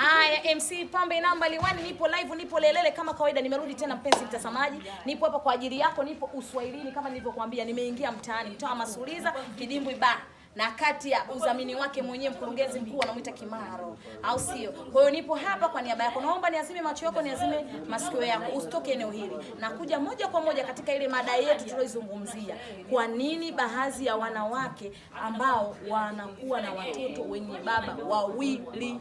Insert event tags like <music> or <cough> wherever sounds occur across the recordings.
Haya, MC Pambe namba liwani, nipo live, nipo lelele kama kawaida. Nimerudi tena mpenzi mtazamaji, nipo hapa kwa ajili yako, nipo Uswahilini kama nilivyokuambia. Nimeingia mtaani, mtaa wa Masuliza, Kidimbwi ba na kati ya udhamini wake mwenyewe mkurugenzi mkuu anamuita Kimaro, au sio? Kwa hiyo nipo hapa kwa niaba yako, naomba niazime macho yako, niazime masikio yako, usitoke eneo hili. Nakuja moja kwa moja katika ile mada yetu tulioizungumzia, kwa nini baadhi ya wanawake ambao wanakuwa na watoto wenye baba wawili,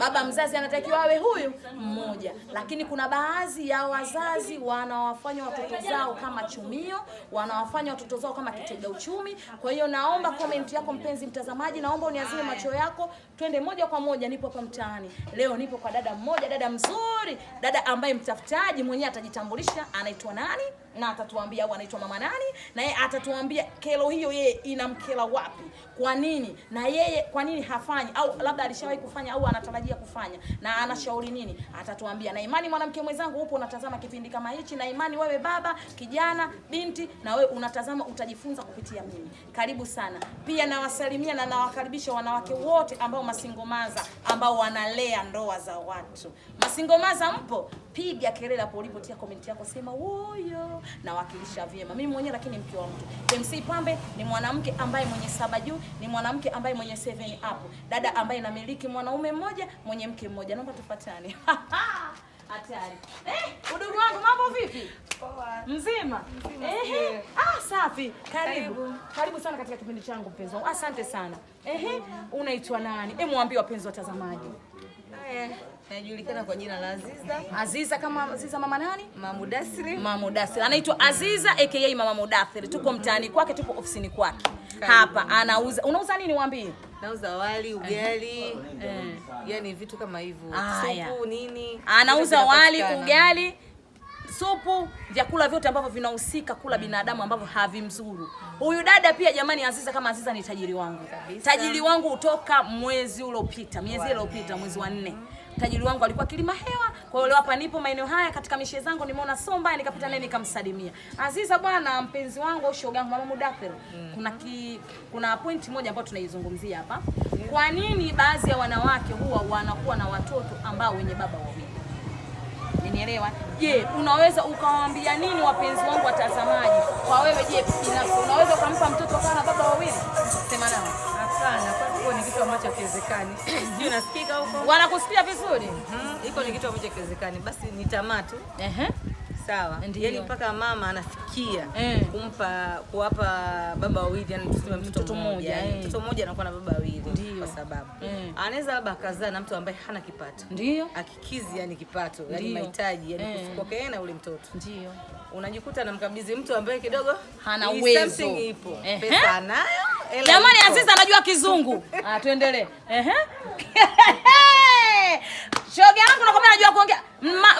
baba mzazi anatakiwa awe huyu mmoja, lakini kuna baadhi ya wazazi wanawafanya watoto zao kama chumio, wanawafanya watoto zao kama kitega uchumi. Kwa hiyo naomba comment yako mpenzi mtazamaji, naomba uniazime macho yako, twende moja kwa moja. Nipo hapa mtaani leo, nipo kwa dada mmoja, dada mzuri, dada ambaye mtafutaji mwenyewe atajitambulisha, anaitwa nani? na atatuambia au anaitwa mama nani, na yeye atatuambia kero hiyo yeye inamkela wapi, kwa nini, na yeye kwa nini hafanyi, au labda alishawahi kufanya au anatarajia kufanya, na anashauri nini, atatuambia. Na imani mwanamke mwenzangu, upo unatazama kipindi kama hichi, na imani wewe baba, kijana, binti, na wewe unatazama, utajifunza kupitia mimi. Karibu sana. Pia nawasalimia na nawakaribisha wanawake wote ambao masingomaza, ambao wanalea ndoa za watu. Masingomaza mpo? piga kelele hapo ulipotia comment yako, sema woyo, nawakilisha vyema mimi mwenyewe, lakini mke wa mtu. MC Pambe ni mwanamke ambaye mwenye saba juu, ni mwanamke ambaye mwenye seven up, dada ambaye namiliki mwanaume mmoja mwenye mke mmoja. Naomba tupatane. <laughs> Hatari. Eh, udugu wangu mambo vipi? Poa. Mzima? Ehe. Ah, safi. Karibu. Karibu. Karibu sana katika kipindi changu mpenzi wangu. Asante sana. Ehe. Unaitwa nani? Hebu mwambie wapenzi watazamaji. Eh. Anajulikana kwa jina la Aziza. Aziza kama Aziza mama nani? Mama Mudathiri. Mama Mudathiri. Anaitwa Aziza aka Mama Mudathiri. Tuko mtaani kwake, tuko ofisini kwake. Hapa anauza. Unauza nini waambie? Nauza wali, ugali, eh, Yaani vitu kama hivyo. Supu nini? Anauza wali, ugali, supu, vyakula vyote ambavyo vinahusika kula mm. binadamu ambavyo havimzuru. Huyu dada pia jamani, Aziza kama Aziza ni tajiri wangu. Tajiri wangu utoka mwezi uliopita, miezi iliyopita, mwezi wa nne tajiri wangu alikuwa Kilima Hewa. Kwa hiyo hapa nipo maeneo haya katika mishe zangu, nimeona Somba nikapita naye nikamsalimia. Aziza bwana, mpenzi wangu au shoga yangu mama Mudaffer, mm. kuna ki, kuna point moja ambayo tunaizungumzia hapa. Kwa nini baadhi ya wanawake huwa wanakuwa na watoto ambao wenye baba wawili? Nielewa. Je, unaweza ukawaambia nini wapenzi wangu watazamaji? Kwa wewe je, binafsi unaweza ukampa mtoto kana baba wawili? Sema nao kitu ambacho hakiwezekani. <coughs> Sijui unasikika huko? Wanakusikia vizuri? Mm-hmm. Iko ni kitu ambacho hakiwezekani. Basi ni tamaa tu. Ehe. Sawa. Yaani mpaka mama anafikia eh. kumpa kuwapa baba wawili, yani tuseme mtoto mmoja. Yaani eh. Mtoto mmoja anakuwa na baba wawili kwa sababu eh. anaweza labda akazaa na mtu ambaye hana kipato. Ndio. Akikizi yani kipato, yani mahitaji, yani kufukoka yeye na ule mtoto. Ndio. Unajikuta anamkabidhi mtu ambaye kidogo hana uwezo. Something ipo. Pesa anayo Jamani, Aziza anajua Kizungu. Ah, tuendelee. Ehe. <laughs> Shoga yangu na nakwambia anajua kuongea.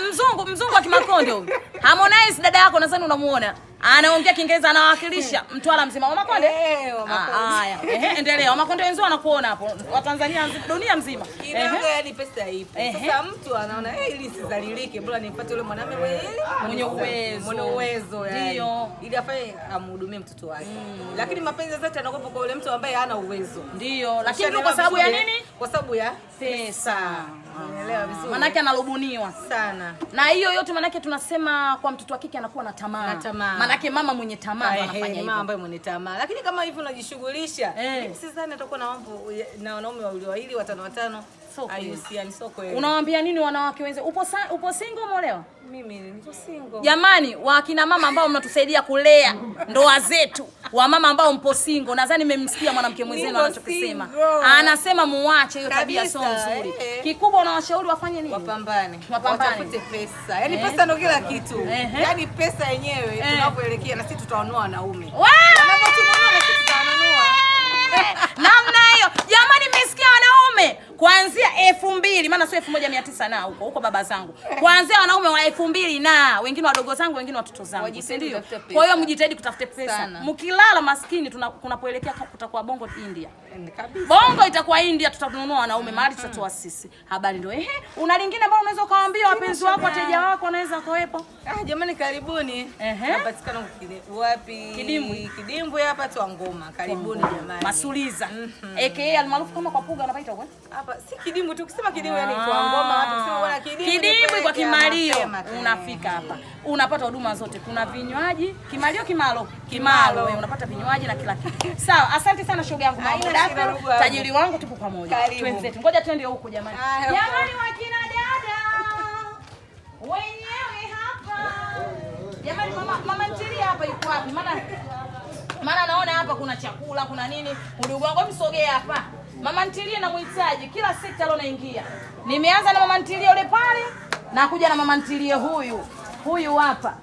Mzungu mzungu wa Kimakonde huyu. Harmonize dada yako nadhani unamuona. Anaongea Kiingereza anawakilisha Mtwara mzima. Wa Makonde? Eh, Haya. Ehe, endelea. Wa Makonde wenzao wanakuona hapo. Wa Tanzania dunia mzima. Kidogo yaani pesa ipo. Sasa mtu anaona eh, ili sizalilike, bora nipate yule mwanamume mwenye uwezo. Mwenye uwezo yani. Ndio. Ili afanye amhudumie mtoto wake. Mm. Lakini mapenzi zote yanakuwa kwa yule mtu ambaye hana uwezo. Ndio. Lakini kwa sababu ya nini? Kwa sababu ya pesa. Ah. Umeelewa ah. vizuri. Manake analobuniwa sana. Na hiyo yote manake tunasema kwa mtoto wa kike anakuwa na tamaa. Tamaa. Manake mama mwenye tamaa anafanya hivyo. Mama ambaye mwenye tamaa. Lakini kama hivyo unajishughulisha, eh, sisi sana na mambo na wanaume wawili watano watano sio kweli. Unawaambia nini wanawake wenzako? Upo sa, upo single umeolewa? Mimi niko single. Jamani, wakina mama ambao mnatusaidia kulea ndoa zetu, wamama ambao mpo single, nadhani mmemmsikia mwanamke mwenzenu anachokisema. Anasema muache hiyo tabia, sio nzuri. Eh. Kikubwa unawashauri wafanye nini? Wapambane. Wapambane. Watafute pesa. Yaani eh. pesa ndio kila kitu. Eh, yaani pesa yenyewe tunapoelekea na sisi tutaonoa wanaume. kuanzia elfu mbili maana sio elfu moja mia tisa na huko huko baba zangu, kuanzia wanaume wa elfu mbili na wengine wadogo zangu wengine watoto zangu, si ndio? Kwa hiyo mjitahidi kutafute pesa, mkilala maskini, kunapoelekea kutakuwa bongo India kabisa. bongo itakuwa India, tutanunua wanaume mahali tutatoa sisi. Habari ndio ehe. Una lingine ambalo unaweza kawaambia wapenzi wako, wateja wako wanaweza kuwepo? Ah, jamani, karibuni. Ehe. Napatikana wapi? Kidimbwi, Kidimbwi hapa tu Ngoma. Karibuni jamani, Masuliza Mm -hmm. aka almaarufu kama kwa Puga, anapaita kwa hapa si kidimbwi tu, ukisema kidimbwi yani ah. kwa ngoma watu sio wala kidimbwi. Kidimbwi kwa kimalio unafika hapa, unapata huduma zote, kuna vinywaji kimalio, kimalo kimalo, wewe unapata vinywaji na kila kitu. Sawa, asante sana shoga yangu, mambo dada, tajiri wangu, tupo pamoja, twenzetu, ngoja twende huko jamani, jamani wakina dada wenyewe hapa jamani, mama mama Ntilia hapa yuko wapi? Maana maana naona hapa kuna chakula, kuna nini, udugu wangu, msogea hapa Mama ntilie na muhitaji kila sekta leo naingia. Nimeanza na mama ntilie yule pale na kuja na mama ntilie huyu huyu hapa.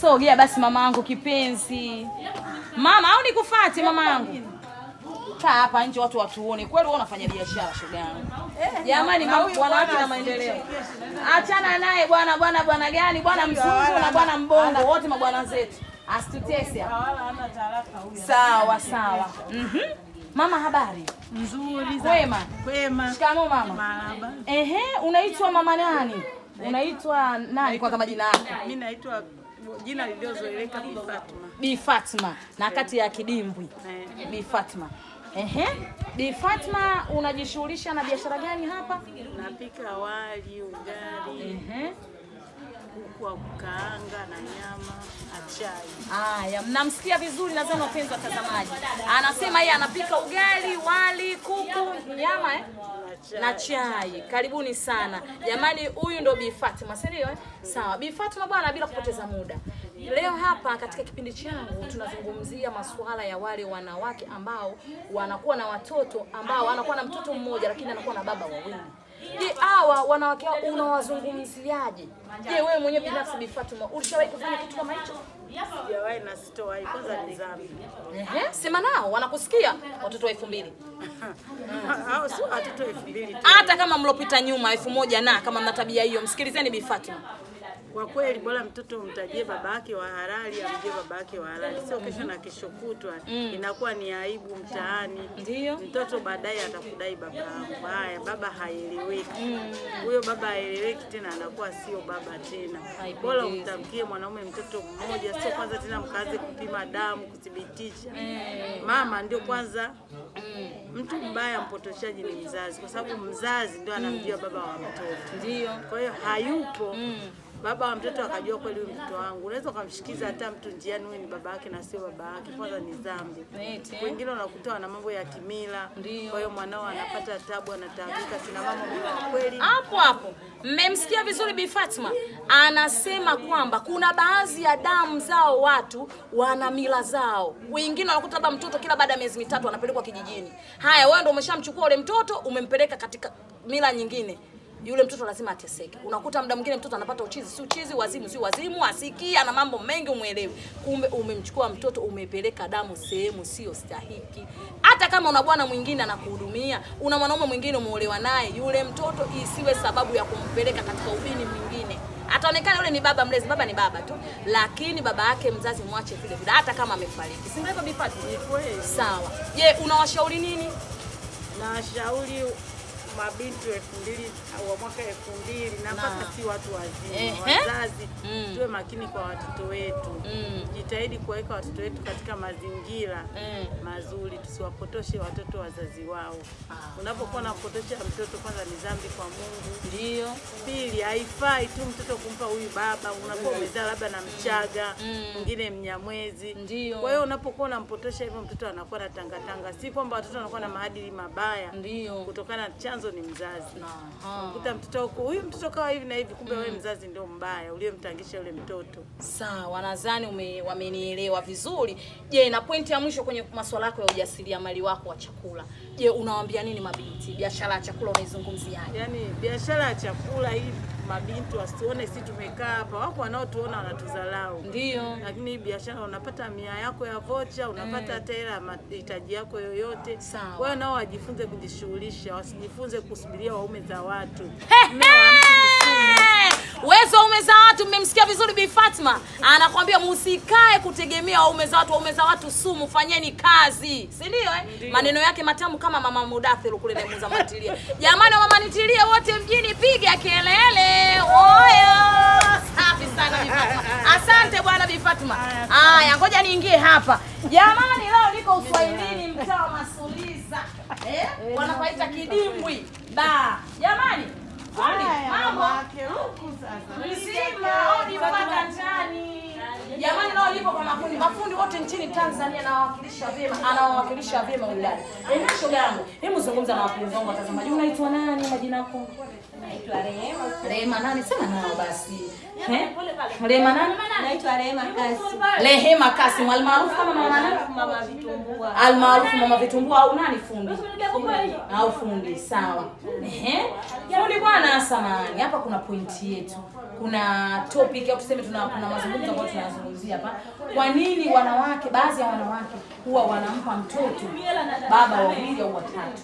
Sogea yeah, basi yangu kipenzi. Mama au nikufuate yangu Kaa hapa nje watu watuone. Kweli wewe unafanya biashara shoga yangu. Eh, Jamani mambo wanawake na maendeleo. Achana naye bwana bwana bwana gani bwana mzungu na bwana mbongo wote mabwana zetu. Asitutese hapa. Sawa sawa. Mhm. Mm Mama, habari? Nzuri. Kwema. Kwema. Shikamoo mama. Marhaba. Ehe, unaitwa mama nani? Unaitwa nani kwa kama jina lako? Mimi naitwa jina lililozoeleka Bi Fatma. Bi Fatma na kati ya Kidimbwi. Eh. Bi Fatma. Ehe. Bi Fatma unajishughulisha na biashara gani hapa? Napika wali, ugali. Ehe kuku wa kukaanga na nyama achai. Haya, mnamsikia vizuri nadhani wapenzi watazamaji. Anasema yeye anapika ugali, wali, kuku, nyama eh? na chai. Karibuni sana jamani, huyu ndo Bi Fatima, si ndio eh? Sawa, Bi Fatima bwana, bila kupoteza muda Leo hapa katika kipindi changu tunazungumzia masuala ya wale wanawake ambao wanakuwa na watoto ambao anakuwa na mtoto mmoja lakini anakuwa na baba wawili. Je, hawa wanawake unawazungumziaje? Je, wewe mwenyewe binafsi Bi Fatuma ulishawahi kufanya kitu kama hicho? Sijawahi na sitowahi, kwanza ni dhambi. Ehe, sema nao wanakusikia watoto wa 2000. <laughs> Hao sio watoto wa 2000. Hata kama mlopita nyuma elfu na kama mna tabia hiyo, msikilizeni Bi Fatuma. Kwa kweli bora mtoto umtajie baba yake wa halali, amjie yake wa halali, sio kesho na kesho kutwa. Mm. Inakuwa ni aibu mtaani, ndio mtoto baadaye atakudai baba yangu. Haya, baba haeleweki mm. huyo. Mm. Baba haeleweki tena, anakuwa sio baba tena. Bora umtamkie mwanaume mtoto mmoja, sio kwanza tena mkaanze kupima damu kuthibitisha. Mm. Mama ndio kwanza. Mm. Mtu mbaya mpotoshaji ni mzazi, kwa sababu mzazi ndio anamjua baba wa mtoto, ndio kwa hiyo hayupo. Mm baba wa mtoto akajua kweli huyu mtoto wangu. Unaweza ukamshikiza hata mtu njiani, huyu ni baba yake na sio baba yake. Kwanza ni dhambi. Wengine wanakuta wana mambo ya kimila, kwa hiyo mwanao anapata tabu, anataabika. Sina mama mwa kweli, hapo hapo mmemsikia vizuri, Bi Fatma anasema kwamba kuna baadhi ya damu zao watu wana mila zao. Wengine wanakuta labda mtoto kila baada ya miezi mitatu anapelekwa kijijini. Haya, wewe ndio umeshamchukua ule mtoto umempeleka katika mila nyingine yule mtoto lazima ateseke. Unakuta muda mwingine mtoto anapata uchizi, si uchizi, wazimu, si wazimu, asikii, ana mambo mengi umwelewi. Kumbe umemchukua mtoto, umepeleka damu sehemu sio stahiki. Hata kama una bwana mwingine anakuhudumia, una mwanaume mwingine umeolewa naye, yule mtoto isiwe sababu ya kumpeleka katika ubini mwingine. Ataonekana yule ni baba mlezi, baba ni baba tu, lakini baba yake mzazi mwache vile vile, hata kama amefariki. Si ndivyo? Bipati sawa. Je, unawashauri nini? Nawashauri mabinti elfu mbili wa mwaka elfu mbili na mpaka si watu wazima eh, eh, wazazi mm. tuwe makini kwa watoto wetu mm. jitahidi kuwaweka watoto wetu katika mazingira mm. mazuri, tusiwapotoshe watoto wazazi wao. Ah. Unapokuwa unapotosha mtoto, kwanza ni dhambi kwa Mungu, ndio kweli haifai tu mtoto kumpa huyu baba, unakuwa umezaa labda na Mchaga mm. mwingine mm. Mnyamwezi. Ndiyo. Kwa hiyo unapokuwa unampotosha hivyo mtoto anakuwa na tangatanga, si kwamba watoto wanakuwa na maadili mabaya. Ndiyo. Kutokana na chanzo ni mzazi, unakuta mtoto wako huyu mtoto kawa hivi na hivi, kumbe mm. wewe mzazi ndio mbaya uliyemtangisha yule mtoto. Sawa, nadhani wamenielewa vizuri. Je, na pointi ya mwisho kwenye masuala yako ya ujasiriamali wako wa chakula, je, unawaambia nini mabinti? Biashara ya chakula unaizungumziaje? Yaani biashara ya chakula hivi mabinti wasione sisi tumekaa hapa, wako wanaotuona wanatuzalau, ndio. Lakini biashara unapata mia yako ya vocha, unapata hata mm. tela mahitaji yako yoyote. Wao nao wajifunze kujishughulisha, wasijifunze kusubiria waume za watu. Wezo waume za watu, mmemsikia vizuri Bi Fatma anakwambia msikae kutegemea waume za watu. Waume za watu sumu, fanyeni kazi, si ndio eh? Maneno yake matamu kama mama Mudathir kule naemuza Matilia. Jamani, mama nitilie wote mjini, piga kelele. niingie hapa jamani, leo niko uswahilini, mtaa wa Masuliza eh? eh, eh wanapaita kidimbwi ba jamani, mambo jamani, leo lipo kwa makundi lakini Tanzania anawakilisha vyema, anawakilisha vyema wilaya. Ena shoga yangu, hebu zungumza na wapenzi wangu watazamaji. Unaitwa nani? Majina yako? Naitwa Rehema. Rehema nani? Sema nao basi. Eh? Rehema nani? Naitwa Rehema Kasi. Rehema Kasi, almaarufu kama mama nani? Mama Vitumbua. Almaarufu mama Vitumbua au nani fundi? Au fundi, sawa. Eh? Fundi bwana, samahani. Hapa kuna pointi yetu kuna topic au tuseme tuna kuna mazungumzo ambayo tunazungumzia hapa. Kwa nini wanawake, baadhi ya wanawake huwa wanampa mtoto baba wawili au watatu?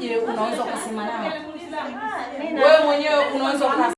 Je, unaweza ukasema nao wewe mwenyewe unaweza